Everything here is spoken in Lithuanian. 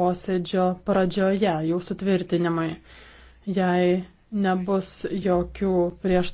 posėdžio pradžioje, jūsų tvirtinimai. Jei nebus jokių prieš